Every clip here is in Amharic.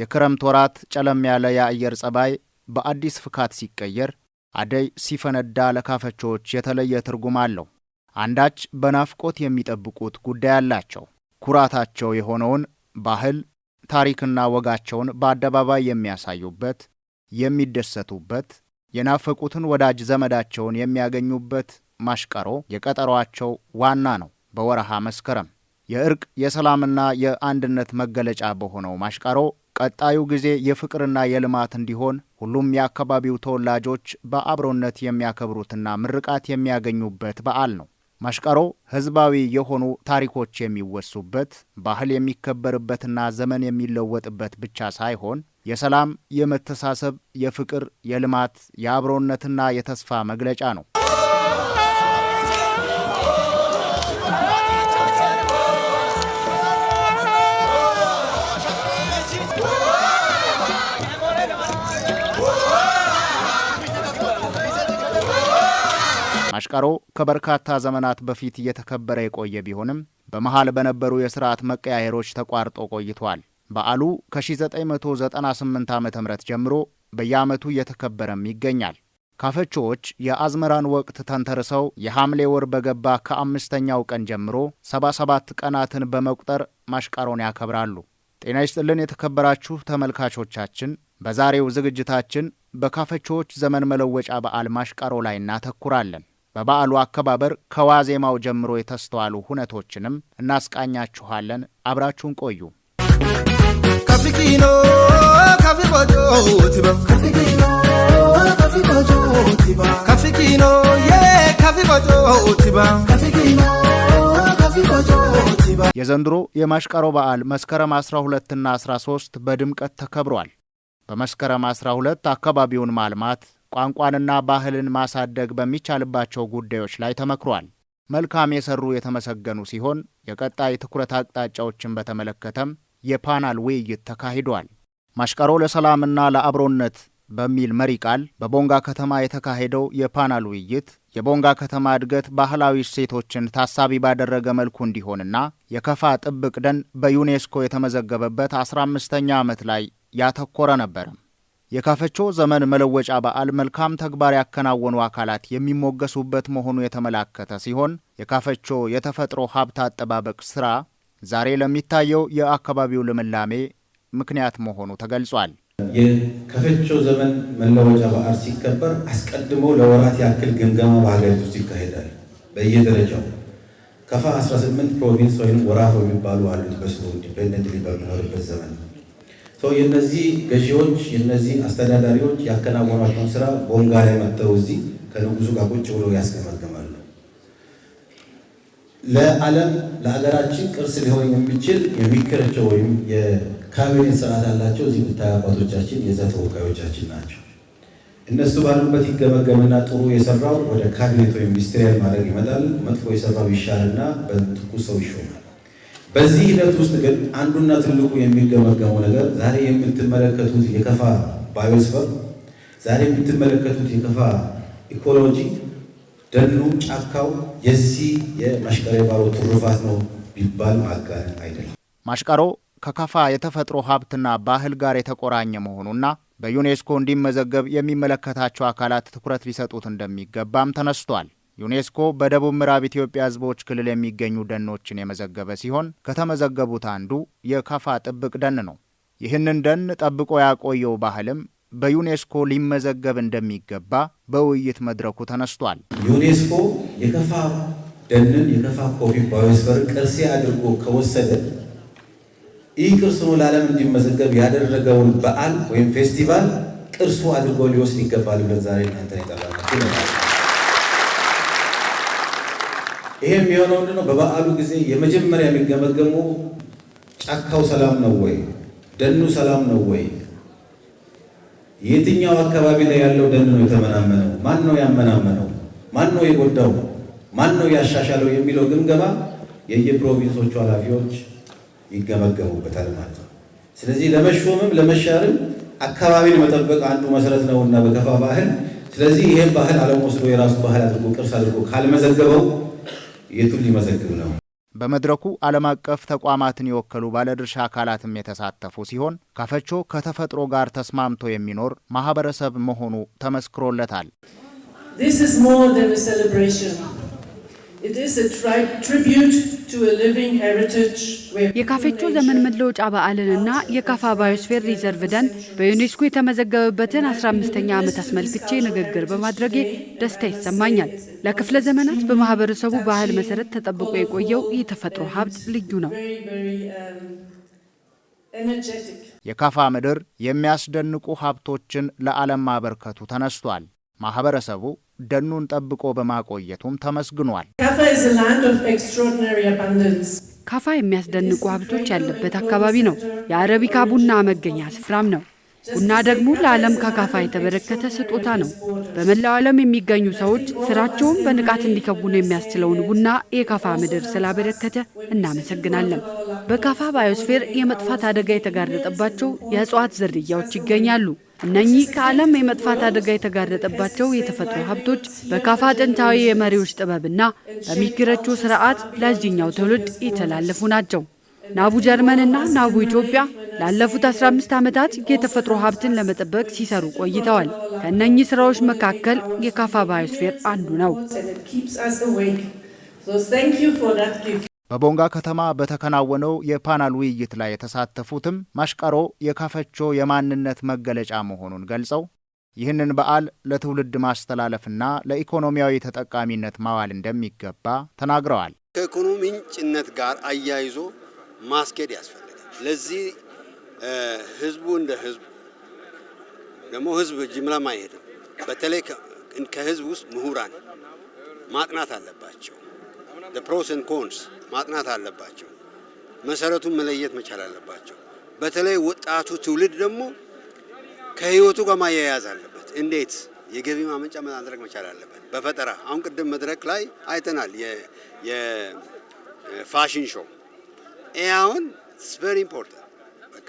የክረምት ወራት ጨለም ያለ የአየር ጸባይ በአዲስ ፍካት ሲቀየር አደይ ሲፈነዳ ለካፈቾዎች የተለየ ትርጉም አለው። አንዳች በናፍቆት የሚጠብቁት ጉዳይ አላቸው። ኩራታቸው የሆነውን ባህል፣ ታሪክና ወጋቸውን በአደባባይ የሚያሳዩበት፣ የሚደሰቱበት፣ የናፈቁትን ወዳጅ ዘመዳቸውን የሚያገኙበት ማሽቀሮ የቀጠሯቸው ዋና ነው። በወረሃ መስከረም የእርቅ የሰላምና የአንድነት መገለጫ በሆነው ማሽቀሮ ቀጣዩ ጊዜ የፍቅርና የልማት እንዲሆን ሁሉም የአካባቢው ተወላጆች በአብሮነት የሚያከብሩትና ምርቃት የሚያገኙበት በዓል ነው። መሽቀሮ ህዝባዊ የሆኑ ታሪኮች የሚወሱበት፣ ባህል የሚከበርበትና ዘመን የሚለወጥበት ብቻ ሳይሆን የሰላም፣ የመተሳሰብ፣ የፍቅር፣ የልማት፣ የአብሮነትና የተስፋ መግለጫ ነው። አሽቀሮ ከበርካታ ዘመናት በፊት እየተከበረ የቆየ ቢሆንም በመሃል በነበሩ የስርዓት መቀያየሮች ተቋርጦ ቆይቷል። በዓሉ ከ1998 ዓ ም ጀምሮ በየዓመቱ እየተከበረም ይገኛል። ካፈቾዎች የአዝመራን ወቅት ተንተርሰው የሐምሌ ወር በገባ ከአምስተኛው ቀን ጀምሮ 77 ቀናትን በመቁጠር ማሽቃሮን ያከብራሉ። ጤና ይስጥልን የተከበራችሁ ተመልካቾቻችን፣ በዛሬው ዝግጅታችን በካፈቾዎች ዘመን መለወጫ በዓል ማሽቃሮ ላይ እናተኩራለን። በበዓሉ አከባበር ከዋዜማው ጀምሮ የተስተዋሉ ሁነቶችንም እናስቃኛችኋለን። አብራችሁን ቆዩ። የዘንድሮ የማሽቀሮ በዓል መስከረም 12ና 13 በድምቀት ተከብሯል። በመስከረም 12 አካባቢውን ማልማት ቋንቋንና ባህልን ማሳደግ በሚቻልባቸው ጉዳዮች ላይ ተመክሯል። መልካም የሰሩ የተመሰገኑ ሲሆን የቀጣይ ትኩረት አቅጣጫዎችን በተመለከተም የፓናል ውይይት ተካሂዷል። ማሽቀሮ ለሰላምና ለአብሮነት በሚል መሪ ቃል በቦንጋ ከተማ የተካሄደው የፓናል ውይይት የቦንጋ ከተማ እድገት ባህላዊ እሴቶችን ታሳቢ ባደረገ መልኩ እንዲሆንና የከፋ ጥብቅ ደን በዩኔስኮ የተመዘገበበት 15 አምስተኛ ዓመት ላይ ያተኮረ ነበር። የካፈቾ ዘመን መለወጫ በዓል መልካም ተግባር ያከናወኑ አካላት የሚሞገሱበት መሆኑ የተመላከተ ሲሆን የካፈቾ የተፈጥሮ ሀብት አጠባበቅ ስራ ዛሬ ለሚታየው የአካባቢው ልምላሜ ምክንያት መሆኑ ተገልጿል። የከፈቾ ዘመን መለወጫ በዓል ሲከበር አስቀድሞ ለወራት ያክል ግምገማ በሀገሪቱ ውስጥ ይካሄዳል። በየደረጃው ከፋ 18 ፕሮቪንስ ወይም ወራፍ የሚባሉ አሉት። በስሎ ኢንዲፔንደንት በምኖርበት ዘመን የነዚህ ገዢዎች የነዚህ አስተዳዳሪዎች ያከናወኗቸውን ስራ ቦንጋ ላይ መጥተው እዚህ ከንጉሱ ጋር ቁጭ ብሎ ያስገመግማሉ። ለዓለም ለሀገራችን ቅርስ ሊሆን የሚችል የሚቀርቸው ወይም የካቢኔት ስርዓት ያላቸው እዚህ ብታይ አባቶቻችን የዛ ተወካዮቻችን ናቸው። እነሱ ባሉበት ይገመገምና ጥሩ የሰራው ወደ ካቢኔት ወይም ሚኒስትሪያል ማድረግ ይመጣል፣ መጥፎ የሰራው ይሻልና በትኩስ ሰው ይሾማል። በዚህ ሂደት ውስጥ ግን አንዱና ትልቁ የሚገመገመው ነገር ዛሬ የምትመለከቱት የከፋ ባዮስፈር፣ ዛሬ የምትመለከቱት የከፋ ኢኮሎጂ፣ ደኑ፣ ጫካው የዚህ የማሽቀሮ ባሮ ትሩፋት ነው ቢባል ማጋነን አይደለም። ማሽቀሮ ከከፋ የተፈጥሮ ሀብትና ባህል ጋር የተቆራኘ መሆኑና በዩኔስኮ እንዲመዘገብ የሚመለከታቸው አካላት ትኩረት ሊሰጡት እንደሚገባም ተነስቷል። ዩኔስኮ በደቡብ ምዕራብ ኢትዮጵያ ህዝቦች ክልል የሚገኙ ደኖችን የመዘገበ ሲሆን ከተመዘገቡት አንዱ የካፋ ጥብቅ ደን ነው። ይህንን ደን ጠብቆ ያቆየው ባህልም በዩኔስኮ ሊመዘገብ እንደሚገባ በውይይት መድረኩ ተነስቷል። ዩኔስኮ የከፋ ደንን የከፋ ኮፊ ባዮስፈር ቅርሴ አድርጎ ከወሰደ ይህ ቅርስ ነው ለዓለም እንዲመዘገብ ያደረገውን በዓል ወይም ፌስቲቫል ቅርሱ አድርጎ ሊወስድ ይገባል ዛሬ እናንተ ይሄም የሆነው ምንድነው? በበዓሉ ጊዜ የመጀመሪያ የሚገመገሙ ጫካው ሰላም ነው ወይ፣ ደኑ ሰላም ነው ወይ፣ የትኛው አካባቢ ላይ ያለው ደን ነው የተመናመነው፣ ማን ነው ያመናመነው፣ ማን ነው የጎዳው፣ ማን ነው ያሻሻለው የሚለው ግምገማ የየፕሮቪንሶቹ ኃላፊዎች ይገመገሙበታል ማለት ነው። ስለዚህ ለመሾምም ለመሻርም አካባቢን መጠበቅ አንዱ መሰረት ነውና በከፋ ባህል። ስለዚህ ይህም ባህል አለም ወስዶ የራሱ ባህል አድርጎ ቅርስ አድርጎ ካልመዘገበው የቱን ሊመዘግብ ነው? በመድረኩ ዓለም አቀፍ ተቋማትን የወከሉ ባለድርሻ አካላትም የተሳተፉ ሲሆን ካፈቾ ከተፈጥሮ ጋር ተስማምቶ የሚኖር ማህበረሰብ መሆኑ ተመስክሮለታል። የካፌቾ ዘመን መለወጫ በዓልንና የካፋ ባዮስፌር ሪዘርቭ ደን በዩኔስኮ የተመዘገበበትን 15ኛ ዓመት አስመልክቼ ንግግር በማድረጌ ደስታ ይሰማኛል። ለክፍለ ዘመናት በማህበረሰቡ ባህል መሰረት ተጠብቆ የቆየው ይህ ሀብት ልዩ ነው። um, የካፋ ምድር የሚያስደንቁ ሀብቶችን ለዓለም ማበርከቱ ተነስቷል። ማህበረሰቡ ደኑን ጠብቆ በማቆየቱም ተመስግኗል። ካፋ የሚያስደንቁ ሀብቶች ያለበት አካባቢ ነው። የአረቢካ ቡና መገኛ ስፍራም ነው። ቡና ደግሞ ለዓለም ከካፋ የተበረከተ ስጦታ ነው። በመላው ዓለም የሚገኙ ሰዎች ስራቸውን በንቃት እንዲከውኑ የሚያስችለውን ቡና የካፋ ምድር ስላበረከተ እናመሰግናለን። በካፋ ባዮስፌር የመጥፋት አደጋ የተጋረጠባቸው የእጽዋት ዝርያዎች ይገኛሉ። እነኚህ ከዓለም የመጥፋት አደጋ የተጋረጠባቸው የተፈጥሮ ሀብቶች በካፋ ጥንታዊ የመሪዎች ጥበብና በሚገረቹ ስርዓት ለዚህኛው ትውልድ የተላለፉ ናቸው። ናቡ ጀርመንና ናቡ ኢትዮጵያ ላለፉት 15 ዓመታት የተፈጥሮ ሀብትን ለመጠበቅ ሲሰሩ ቆይተዋል። ከእነኚህ ስራዎች መካከል የካፋ ባዮስፌር አንዱ ነው። በቦንጋ ከተማ በተከናወነው የፓናል ውይይት ላይ የተሳተፉትም ማሽቃሮ የካፈቾ የማንነት መገለጫ መሆኑን ገልጸው ይህንን በዓል ለትውልድ ማስተላለፍና ለኢኮኖሚያዊ ተጠቃሚነት ማዋል እንደሚገባ ተናግረዋል። ከኢኮኖሚ ምንጭነት ጋር አያይዞ ማስኬድ ያስፈልጋል። ለዚህ ህዝቡ እንደ ህዝቡ ደግሞ ህዝብ ጅምላም አይሄድም። በተለይ ከህዝብ ውስጥ ምሁራን ማጥናት አለባቸው። ፕሮስን ኮንስ ማጥናት አለባቸው። መሰረቱን መለየት መቻል አለባቸው። በተለይ ወጣቱ ትውልድ ደግሞ ከህይወቱ ጋር ማያያዝ አለበት። እንዴት የገቢ ማመንጫ ማድረግ መቻል አለበት። በፈጠራ አሁን ቅድም መድረክ ላይ አይተናል፣ የፋሽን ሾው ይሄ አሁን ቨሪ ኢምፖርታንት በቃ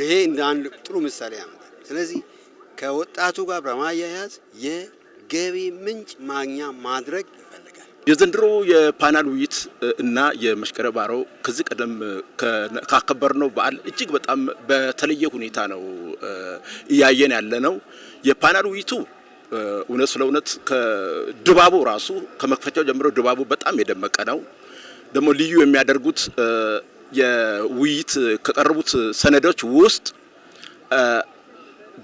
ይሄ እንደ አንድ ጥሩ ምሳሌ ያመጣል። ስለዚህ ከወጣቱ ጋር በማያያዝ የገቢ ምንጭ ማግኛ ማድረግ የዘንድሮ የፓናል ውይይት እና የመሽቀረ ባሮ ከዚህ ቀደም ካከበርነው በዓል እጅግ በጣም በተለየ ሁኔታ ነው እያየን ያለ ነው። የፓናል ውይይቱ እውነት ስለ እውነት ከድባቡ ራሱ ከመክፈቻው ጀምሮ ድባቡ በጣም የደመቀ ነው። ደግሞ ልዩ የሚያደርጉት የውይይት ከቀረቡት ሰነዶች ውስጥ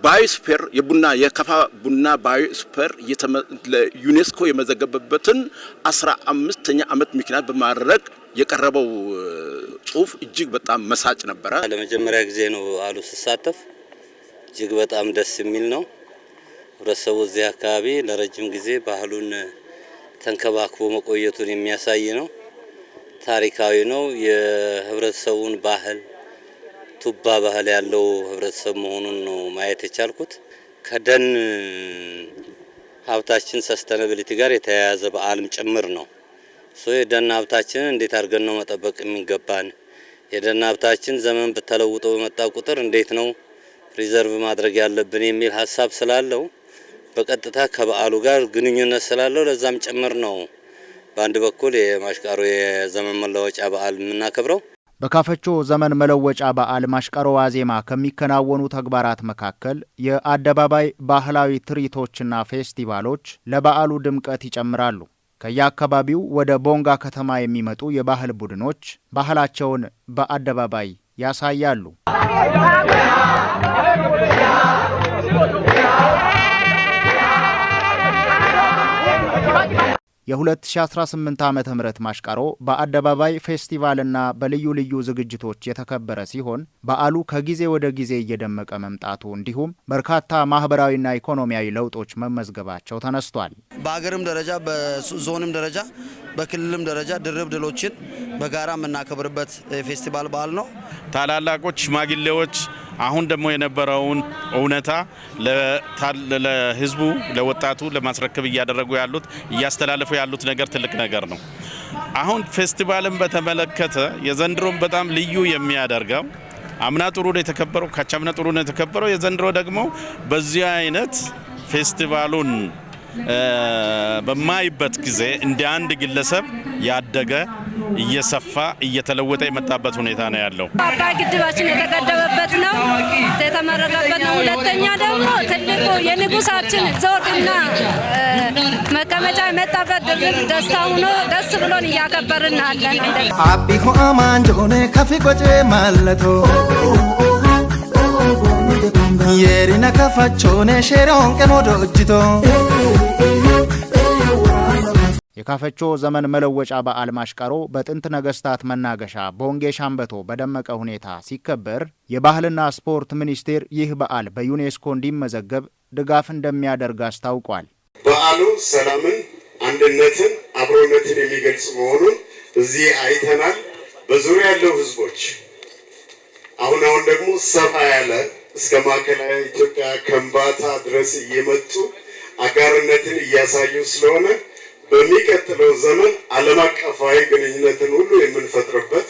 ባዮስፌር የቡና የከፋ ቡና ባዮስፌር ለዩኔስኮ የመዘገበበትን አስራ አምስተኛ ዓመት ምክንያት በማድረግ የቀረበው ጽሁፍ እጅግ በጣም መሳጭ ነበረ። ለመጀመሪያ ጊዜ ነው አሉ ስሳተፍ እጅግ በጣም ደስ የሚል ነው። ህብረተሰቡ እዚህ አካባቢ ለረጅም ጊዜ ባህሉን ተንከባክቦ መቆየቱን የሚያሳይ ነው። ታሪካዊ ነው። የህብረተሰቡን ባህል ቱባ ባህል ያለው ህብረተሰብ መሆኑን ነው ማየት የቻልኩት። ከደን ሀብታችን ሰስተነብሊቲ ጋር የተያያዘ በዓልም ጭምር ነው። ሶ የደን ሀብታችንን እንዴት አድርገን ነው መጠበቅ የሚገባን? የደን ሀብታችን ዘመን በተለውጦ በመጣ ቁጥር እንዴት ነው ሪዘርቭ ማድረግ ያለብን የሚል ሀሳብ ስላለው በቀጥታ ከበዓሉ ጋር ግንኙነት ስላለው ለዛም ጭምር ነው በአንድ በኩል የማሽቃሮ የዘመን መለወጫ በዓል የምናከብረው በካፈቾ ዘመን መለወጫ በዓል ማሽቀሮ ዋዜማ ከሚከናወኑ ተግባራት መካከል የአደባባይ ባህላዊ ትርኢቶችና ፌስቲቫሎች ለበዓሉ ድምቀት ይጨምራሉ። ከየአካባቢው ወደ ቦንጋ ከተማ የሚመጡ የባህል ቡድኖች ባህላቸውን በአደባባይ ያሳያሉ። የ2018 ዓ ም ማሽቃሮ በአደባባይ ፌስቲቫልና በልዩ ልዩ ዝግጅቶች የተከበረ ሲሆን በዓሉ ከጊዜ ወደ ጊዜ እየደመቀ መምጣቱ እንዲሁም በርካታ ማህበራዊና ኢኮኖሚያዊ ለውጦች መመዝገባቸው ተነስቷል። በሀገርም ደረጃ በዞንም ደረጃ በክልልም ደረጃ ድርብ ድሎችን በጋራ የምናከብርበት ፌስቲቫል በዓል ነው። ታላላቆች ሽማግሌዎች አሁን ደግሞ የነበረውን እውነታ ለህዝቡ፣ ለወጣቱ ለማስረከብ እያደረጉ ያሉት እያስተላለፉ ያሉት ነገር ትልቅ ነገር ነው። አሁን ፌስቲቫልን በተመለከተ የዘንድሮን በጣም ልዩ የሚያደርገው አምና ጥሩ ነው የተከበረው፣ ካቻምና ጥሩ ነው የተከበረው። የዘንድሮ ደግሞ በዚህ አይነት ፌስቲቫሉን በማይበት ጊዜ እንደ አንድ ግለሰብ ያደገ እየሰፋ እየተለወጠ የመጣበት ሁኔታ ነው ያለው። አባይ ግድባችን የተገደበበት ነው የተመረቀበት ነው። ሁለተኛ ደግሞ ትልቁ የንጉሳችን ዘውድና መቀመጫ የመጣበት ድርብ ደስታ ሆኖ ደስ ብሎን እያከበርን አለን። አቢሆ አማን ከፊ ቆጭ ማለቶ የሪነ ከፋቸሆነ ሼሪሆን ወደ እጅቶ የካፈቾ ዘመን መለወጫ በዓል ማሽቀሮ በጥንት ነገስታት መናገሻ በወንጌ ሻምበቶ በደመቀ ሁኔታ ሲከበር የባህልና ስፖርት ሚኒስቴር ይህ በዓል በዩኔስኮ እንዲመዘገብ ድጋፍ እንደሚያደርግ አስታውቋል። በዓሉ ሰላምን፣ አንድነትን፣ አብሮነትን የሚገልጽ መሆኑን እዚህ አይተናል። በዙሪያ ያለው ህዝቦች አሁን አሁን ደግሞ ሰፋ ያለ እስከ ማዕከላዊ ኢትዮጵያ ከንባታ ድረስ እየመጡ አጋርነትን እያሳዩ ስለሆነ በሚቀጥለው ዘመን ዓለም አቀፋዊ ግንኙነትን ሁሉ የምንፈጥርበት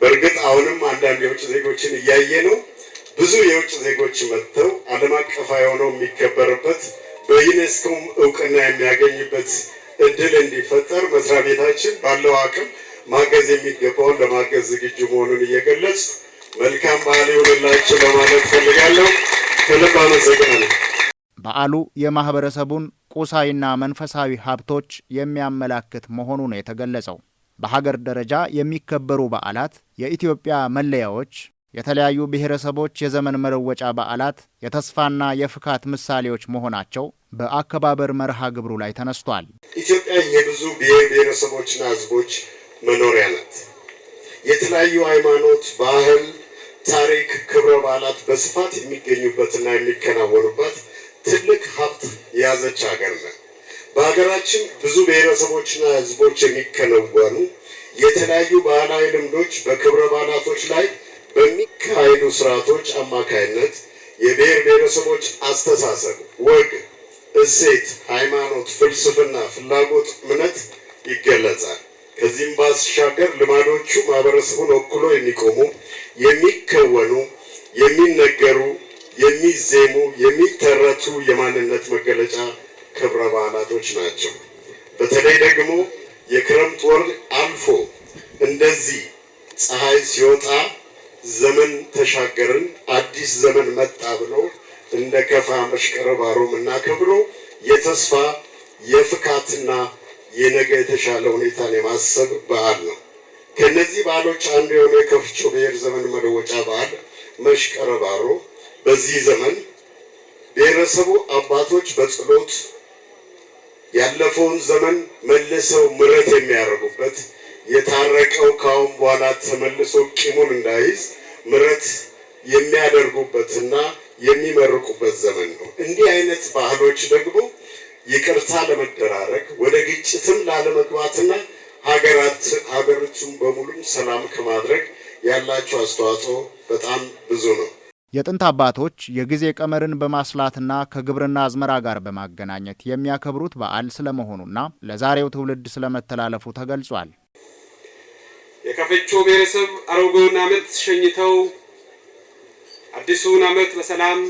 በእርግጥ አሁንም አንዳንድ የውጭ ዜጎችን እያየ ነው። ብዙ የውጭ ዜጎች መጥተው ዓለም አቀፋዊ ሆነው የሚከበርበት በዩኔስኮም እውቅና የሚያገኝበት እድል እንዲፈጠር መስሪያ ቤታችን ባለው አቅም ማገዝ የሚገባውን ለማገዝ ዝግጁ መሆኑን እየገለጽ መልካም በዓል ይሁንላችሁ ለማለት ፈልጋለሁ። ከልብ አመሰግናለሁ። በዓሉ የማህበረሰቡን ቁሳዊና መንፈሳዊ ሀብቶች የሚያመላክት መሆኑ ነው የተገለጸው። በሀገር ደረጃ የሚከበሩ በዓላት፣ የኢትዮጵያ መለያዎች፣ የተለያዩ ብሔረሰቦች የዘመን መለወጫ በዓላት የተስፋና የፍካት ምሳሌዎች መሆናቸው በአከባበር መርሃ ግብሩ ላይ ተነስቷል። ኢትዮጵያ የብዙ ብሔር ብሔረሰቦችና ሕዝቦች መኖሪያ ናት። የተለያዩ ሃይማኖት፣ ባህል፣ ታሪክ፣ ክብረ በዓላት በስፋት የሚገኙበትና የሚከናወኑበት ትልቅ ሀብት የያዘች ሀገር ነው በሀገራችን ብዙ ብሔረሰቦችና ህዝቦች የሚከናወኑ የተለያዩ ባህላዊ ልምዶች በክብረ በዓላቶች ላይ በሚካሄዱ ስርዓቶች አማካይነት የብሔር ብሔረሰቦች አስተሳሰብ፣ ወግ፣ እሴት፣ ሃይማኖት፣ ፍልስፍና፣ ፍላጎት፣ እምነት ይገለጻል። ከዚህም ባስሻገር ልማዶቹ ማህበረሰቡን ወክሎ የሚቆሙ የሚከወኑ የሚነገሩ የሚዜሙ የሚተረቱ የማንነት መገለጫ ክብረ በዓላቶች ናቸው። በተለይ ደግሞ የክረምት ወር አልፎ እንደዚህ ፀሐይ ሲወጣ ዘመን ተሻገርን አዲስ ዘመን መጣ ብሎ እንደ ከፋ መሽቀረብ አሮምና ከብሎ የተስፋ የፍካትና የነገ የተሻለ ሁኔታን የማሰብ በዓል ነው። ከእነዚህ በዓሎች አንዱ የሆነ የከፍቾ ብሔር ዘመን መለወጫ በዓል መሽቀረ አሮ በዚህ ዘመን ብሔረሰቡ አባቶች በጸሎት ያለፈውን ዘመን መልሰው ምረት የሚያደርጉበት የታረቀው ካሁን በኋላ ተመልሶ ቂሙን እንዳይዝ ምረት የሚያደርጉበትና የሚመርቁበት ዘመን ነው። እንዲህ አይነት ባህሎች ደግሞ ይቅርታ ለመደራረግ ወደ ግጭትም ላለመግባትና ሀገራት ሀገሮቹን በሙሉም ሰላም ከማድረግ ያላቸው አስተዋጽኦ በጣም ብዙ ነው። የጥንት አባቶች የጊዜ ቀመርን በማስላትና ከግብርና አዝመራ ጋር በማገናኘት የሚያከብሩት በዓል ስለመሆኑና ለዛሬው ትውልድ ስለመተላለፉ ተገልጿል። የከፍቾ ብሔረሰብ አሮጌውን ዓመት ሸኝተው አዲሱን ዓመት በሰላም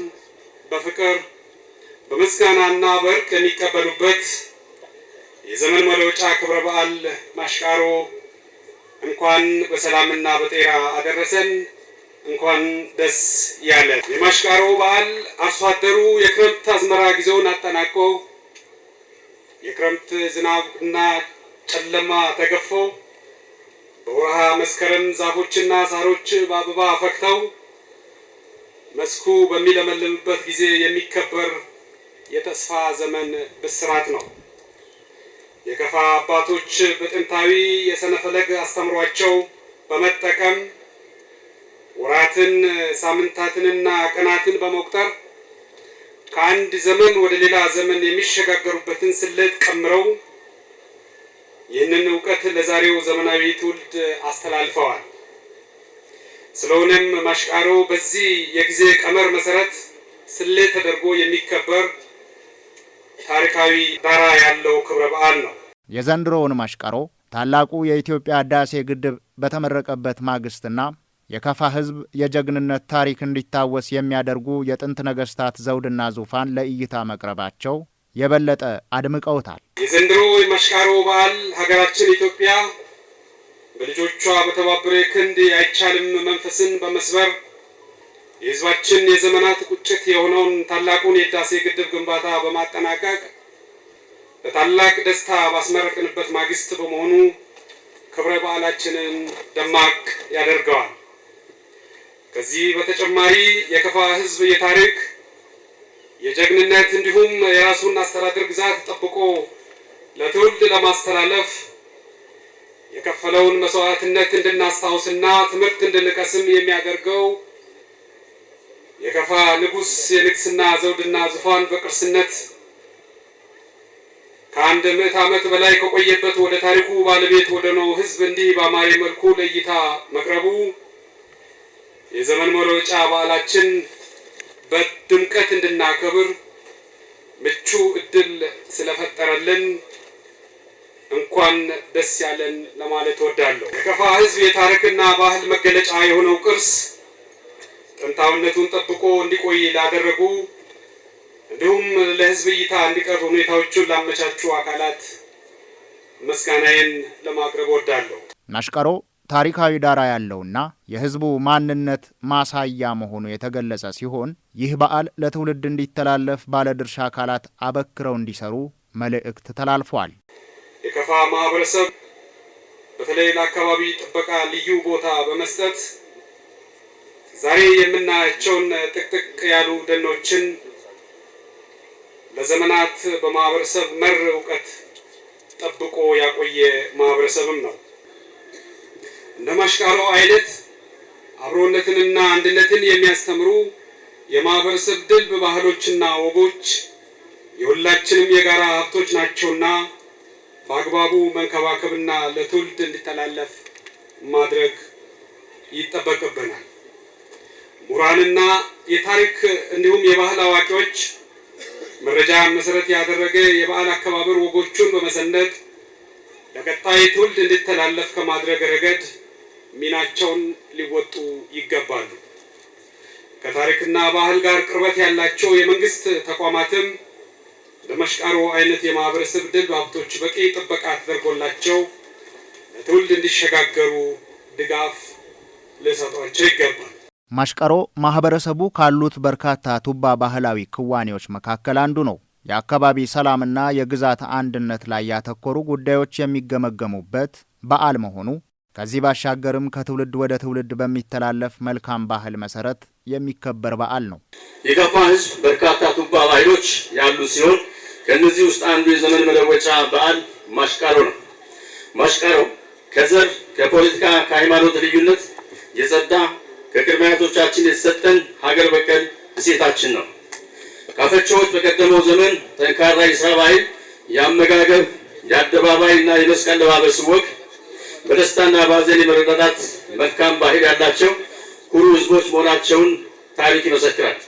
በፍቅር በምስጋናና በእርቅ የሚቀበሉበት የዘመን መለወጫ ክብረ በዓል ማሽቃሮ እንኳን በሰላምና በጤና አደረሰን። እንኳን ደስ ያለ። የማሽቃሮ በዓል አርሶ አደሩ የክረምት አዝመራ ጊዜውን አጠናቆ የክረምት ዝናብና ጨለማ ተገፎ በወርሃ መስከረም ዛፎችና ሳሮች በአበባ ፈክተው መስኩ በሚለመልምበት ጊዜ የሚከበር የተስፋ ዘመን ብስራት ነው። የከፋ አባቶች በጥንታዊ የሰነፈለግ አስተምሯቸው በመጠቀም ወራትን ሳምንታትንና ቀናትን በመቁጠር ከአንድ ዘመን ወደ ሌላ ዘመን የሚሸጋገሩበትን ስለት ቀምረው ይህንን እውቀት ለዛሬው ዘመናዊ ትውልድ አስተላልፈዋል። ስለሆነም ማሽቃሮ በዚህ የጊዜ ቀመር መሰረት ስሌት ተደርጎ የሚከበር ታሪካዊ ዳራ ያለው ክብረ በዓል ነው። የዘንድሮውን ማሽቃሮ ታላቁ የኢትዮጵያ ህዳሴ ግድብ በተመረቀበት ማግስትና የከፋ ህዝብ የጀግንነት ታሪክ እንዲታወስ የሚያደርጉ የጥንት ነገስታት ዘውድና ዙፋን ለእይታ መቅረባቸው የበለጠ አድምቀውታል። የዘንድሮ የመሽቃሮ በዓል ሀገራችን ኢትዮጵያ በልጆቿ በተባበረ ክንድ አይቻልም መንፈስን በመስበር የህዝባችን የዘመናት ቁጭት የሆነውን ታላቁን የህዳሴ ግድብ ግንባታ በማጠናቀቅ በታላቅ ደስታ ባስመረቅንበት ማግስት በመሆኑ ክብረ በዓላችንን ደማቅ ያደርገዋል። ከዚህ በተጨማሪ የከፋ ህዝብ የታሪክ የጀግንነት እንዲሁም የራሱን አስተዳደር ግዛት ጠብቆ ለትውልድ ለማስተላለፍ የከፈለውን መስዋዕትነት እንድናስታውስና ትምህርት እንድንቀስም የሚያደርገው የከፋ ንጉስ የንግስና ዘውድና ዙፋን በቅርስነት ከአንድ ምዕት ዓመት በላይ ከቆየበት ወደ ታሪኩ ባለቤት ወደ ነው ህዝብ እንዲህ በአማሪ መልኩ ለእይታ መቅረቡ የዘመን መሮጫ በዓላችን በድምቀት እንድናከብር ምቹ እድል ስለፈጠረልን እንኳን ደስ ያለን ለማለት እወዳለሁ። የከፋ ሕዝብ የታሪክና ባህል መገለጫ የሆነው ቅርስ ጥንታዊነቱን ጠብቆ እንዲቆይ ላደረጉ እንዲሁም ለሕዝብ እይታ እንዲቀርብ ሁኔታዎቹን ላመቻቹ አካላት ምስጋናዬን ለማቅረብ እወዳለሁ። ናሽቀሮ ታሪካዊ ዳራ ያለውና የሕዝቡ ማንነት ማሳያ መሆኑ የተገለጸ ሲሆን ይህ በዓል ለትውልድ እንዲተላለፍ ባለድርሻ አካላት አበክረው እንዲሰሩ መልእክት ተላልፏል። የከፋ ማህበረሰብ በተለይ ለአካባቢ ጥበቃ ልዩ ቦታ በመስጠት ዛሬ የምናያቸውን ጥቅጥቅ ያሉ ደኖችን ለዘመናት በማህበረሰብ መር እውቀት ጠብቆ ያቆየ ማህበረሰብም ነው። እንደ ማሽቃሮ አይነት አብሮነትንና አንድነትን የሚያስተምሩ የማህበረሰብ ድልብ ባህሎችና ወጎች የሁላችንም የጋራ ሀብቶች ናቸውና በአግባቡ መንከባከብና ለትውልድ እንዲተላለፍ ማድረግ ይጠበቅብናል። ምሁራንና የታሪክ እንዲሁም የባህል አዋቂዎች መረጃ መሰረት ያደረገ የበዓል አከባበር ወጎቹን በመሰነድ ለቀጣይ ትውልድ እንዲተላለፍ ከማድረግ ረገድ ሚናቸውን ሊወጡ ይገባሉ። ከታሪክና ባህል ጋር ቅርበት ያላቸው የመንግስት ተቋማትም በመሽቃሮ አይነት የማህበረሰብ ድል ሀብቶች በቂ ጥበቃ ተደርጎላቸው ለትውልድ እንዲሸጋገሩ ድጋፍ ሊሰጧቸው ይገባል። ማሽቀሮ ማህበረሰቡ ካሉት በርካታ ቱባ ባህላዊ ክዋኔዎች መካከል አንዱ ነው። የአካባቢ ሰላምና የግዛት አንድነት ላይ ያተኮሩ ጉዳዮች የሚገመገሙበት በዓል መሆኑ ከዚህ ባሻገርም ከትውልድ ወደ ትውልድ በሚተላለፍ መልካም ባህል መሰረት የሚከበር በዓል ነው። የካፋ ህዝብ በርካታ ቱባ ባህሎች ያሉ ሲሆን ከእነዚህ ውስጥ አንዱ የዘመን መለወጫ በዓል ማሽቃሮ ነው። ማሽቃሮ ከዘር ከፖለቲካ፣ ከሃይማኖት ልዩነት የጸዳ ከቅድመያቶቻችን የተሰጠን ሀገር በቀል እሴታችን ነው። ካፈቻዎች በቀደመው ዘመን ጠንካራ የስራ ባህል፣ የአመጋገብ፣ የአደባባይ እና የመስቀል ለባበስ ወግ በደስታና በሐዘን የመረዳዳት መልካም ባህል ያላቸው ኩሩ ህዝቦች መሆናቸውን ታሪክ ይመሰክራል።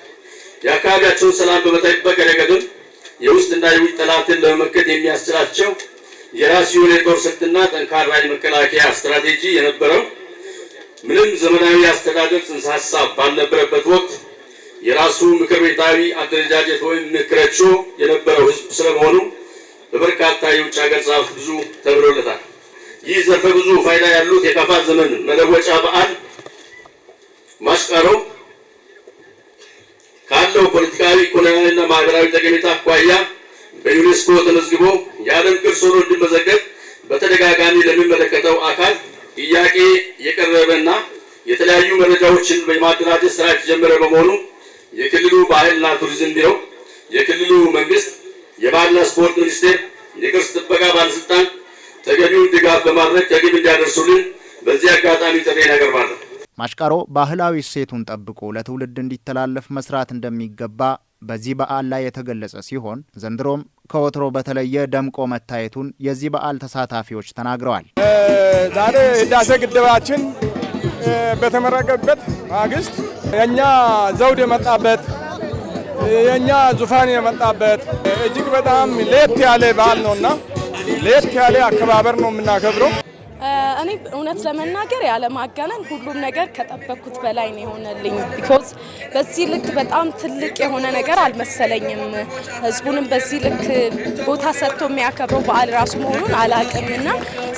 የአካባቢያቸውን ሰላም በመጠበቅ ረገድም የውስጥና የውጭ ጠላትን ለመመከት የሚያስችላቸው የራሱ የሆነ የጦር ስልትና ጠንካራ የመከላከያ ስትራቴጂ የነበረው ምንም ዘመናዊ አስተዳደር ጽንሰ ሀሳብ ባልነበረበት ወቅት የራሱ ምክር ቤታዊ አደረጃጀት ወይም ምክረቾ የነበረው ህዝብ ስለመሆኑ በበርካታ የውጭ ሀገር ጻፍ ብዙ ተብሎለታል። ይህ ዘርፈ ብዙ ፋይዳ ያሉት የከፋ ዘመን መለወጫ በዓል ማስቀረው ካለው ፖለቲካዊ፣ ኢኮኖሚያዊና ማህበራዊ ጠቀሜታ አኳያ በዩኔስኮ ተመዝግቦ የዓለም ቅርስ ሆኖ እንዲመዘገብ በተደጋጋሚ ለሚመለከተው አካል ጥያቄ የቀረበና የተለያዩ መረጃዎችን በማደራጀት ስራ የተጀመረ በመሆኑ የክልሉ ባህልና ቱሪዝም ቢሮ፣ የክልሉ መንግስት፣ የባህልና ስፖርት ሚኒስቴር፣ የቅርስ ጥበቃ ባለስልጣን ተገቢውን ድጋፍ በማድረግ ከግብ እንዲያደርሱልን በዚህ አጋጣሚ ጥሬን አቀርባለሁ። ማሽቃሮ ባህላዊ እሴቱን ጠብቆ ለትውልድ እንዲተላለፍ መስራት እንደሚገባ በዚህ በዓል ላይ የተገለጸ ሲሆን ዘንድሮም ከወትሮ በተለየ ደምቆ መታየቱን የዚህ በዓል ተሳታፊዎች ተናግረዋል። ዛሬ ህዳሴ ግድባችን በተመረቀበት ማግስት የእኛ ዘውድ የመጣበት የእኛ ዙፋን የመጣበት እጅግ በጣም ለየት ያለ በዓል ነውና ለየት ያለ አከባበር ነው የምናከብረው። እኔ እውነት ለመናገር ያለማጋነን ሁሉም ነገር ከጠበኩት በላይ ነው የሆነልኝ። ቢኮዝ በዚህ ልክ በጣም ትልቅ የሆነ ነገር አልመሰለኝም። ህዝቡንም በዚህ ልክ ቦታ ሰጥቶ የሚያከብረው በዓል ራሱ መሆኑን አላውቅም እና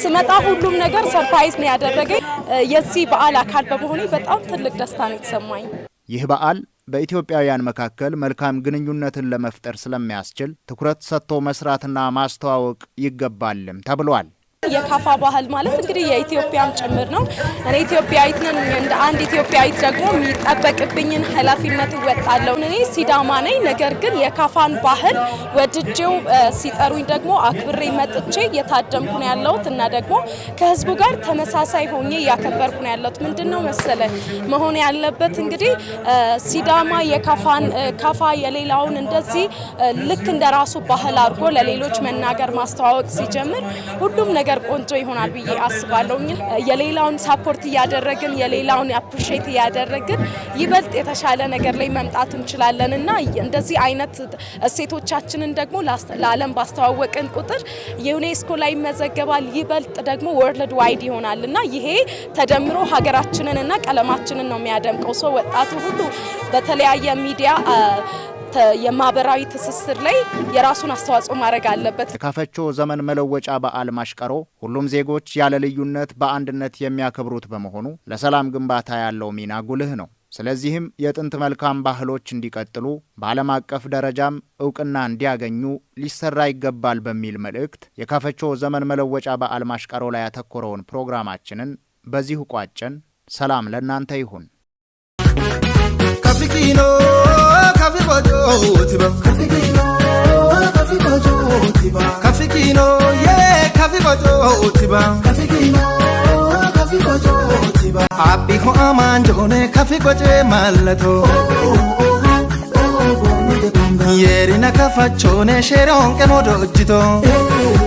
ስመጣ ሁሉም ነገር ሰርፕራይዝ ነው ያደረገኝ። የዚህ በዓል አካል በመሆኔ በጣም ትልቅ ደስታ ነው የተሰማኝ። ይህ በዓል በኢትዮጵያውያን መካከል መልካም ግንኙነትን ለመፍጠር ስለሚያስችል ትኩረት ሰጥቶ መስራትና ማስተዋወቅ ይገባልም ተብሏል። የካፋ ባህል ማለት እንግዲህ የኢትዮጵያም ጭምር ነው። እኔ ኢትዮጵያዊት ነኝ። እንደ አንድ ኢትዮጵያዊት ደግሞ የሚጠበቅብኝን ኃላፊነት እወጣለሁ። እኔ ሲዳማ ነኝ። ነገር ግን የካፋን ባህል ወድጄው ሲጠሩኝ ደግሞ አክብሬ መጥቼ እየታደምኩ ነው ያለሁት እና ደግሞ ከህዝቡ ጋር ተመሳሳይ ሆኜ እያከበርኩ ነው ያለሁት። ምንድን ነው መሰለ መሆን ያለበት እንግዲህ ሲዳማ የካፋን ካፋ የሌላውን እንደዚህ ልክ እንደ ራሱ ባህል አድርጎ ለሌሎች መናገር ማስተዋወቅ ሲጀምር ሁሉም ነገር ነገር ቆንጆ ይሆናል ብዬ አስባለሁ። የሌላውን ሳፖርት እያደረግን የሌላውን አፕሪሼት እያደረግን ይበልጥ የተሻለ ነገር ላይ መምጣት እንችላለን እና እንደዚህ አይነት እሴቶቻችንን ደግሞ ለዓለም ባስተዋወቅን ቁጥር የዩኔስኮ ላይ ይመዘገባል። ይበልጥ ደግሞ ወርልድ ዋይድ ይሆናል እና ይሄ ተደምሮ ሀገራችንን እና ቀለማችንን ነው የሚያደምቀው። ሰው ወጣቱ ሁሉ በተለያየ ሚዲያ የማህበራዊ ትስስር ላይ የራሱን አስተዋጽኦ ማድረግ አለበት። የካፈቾ ዘመን መለወጫ በዓል ማሽቀሮ ሁሉም ዜጎች ያለ ልዩነት በአንድነት የሚያከብሩት በመሆኑ ለሰላም ግንባታ ያለው ሚና ጉልህ ነው። ስለዚህም የጥንት መልካም ባህሎች እንዲቀጥሉ በዓለም አቀፍ ደረጃም እውቅና እንዲያገኙ ሊሰራ ይገባል በሚል መልእክት የካፈቾ ዘመን መለወጫ በዓል ማሽቀሮ ላይ ያተኮረውን ፕሮግራማችንን በዚሁ ቋጭን ሰላም ለእናንተ ይሁን። kafi bojo tiba kafi kino kafi bojo tiba kafi kino yeah kafi bojo tiba kafi kino kafi bojo tiba abi ko aman jone kafi bojo mallato yerina kafa chone sheron kemo dojito eh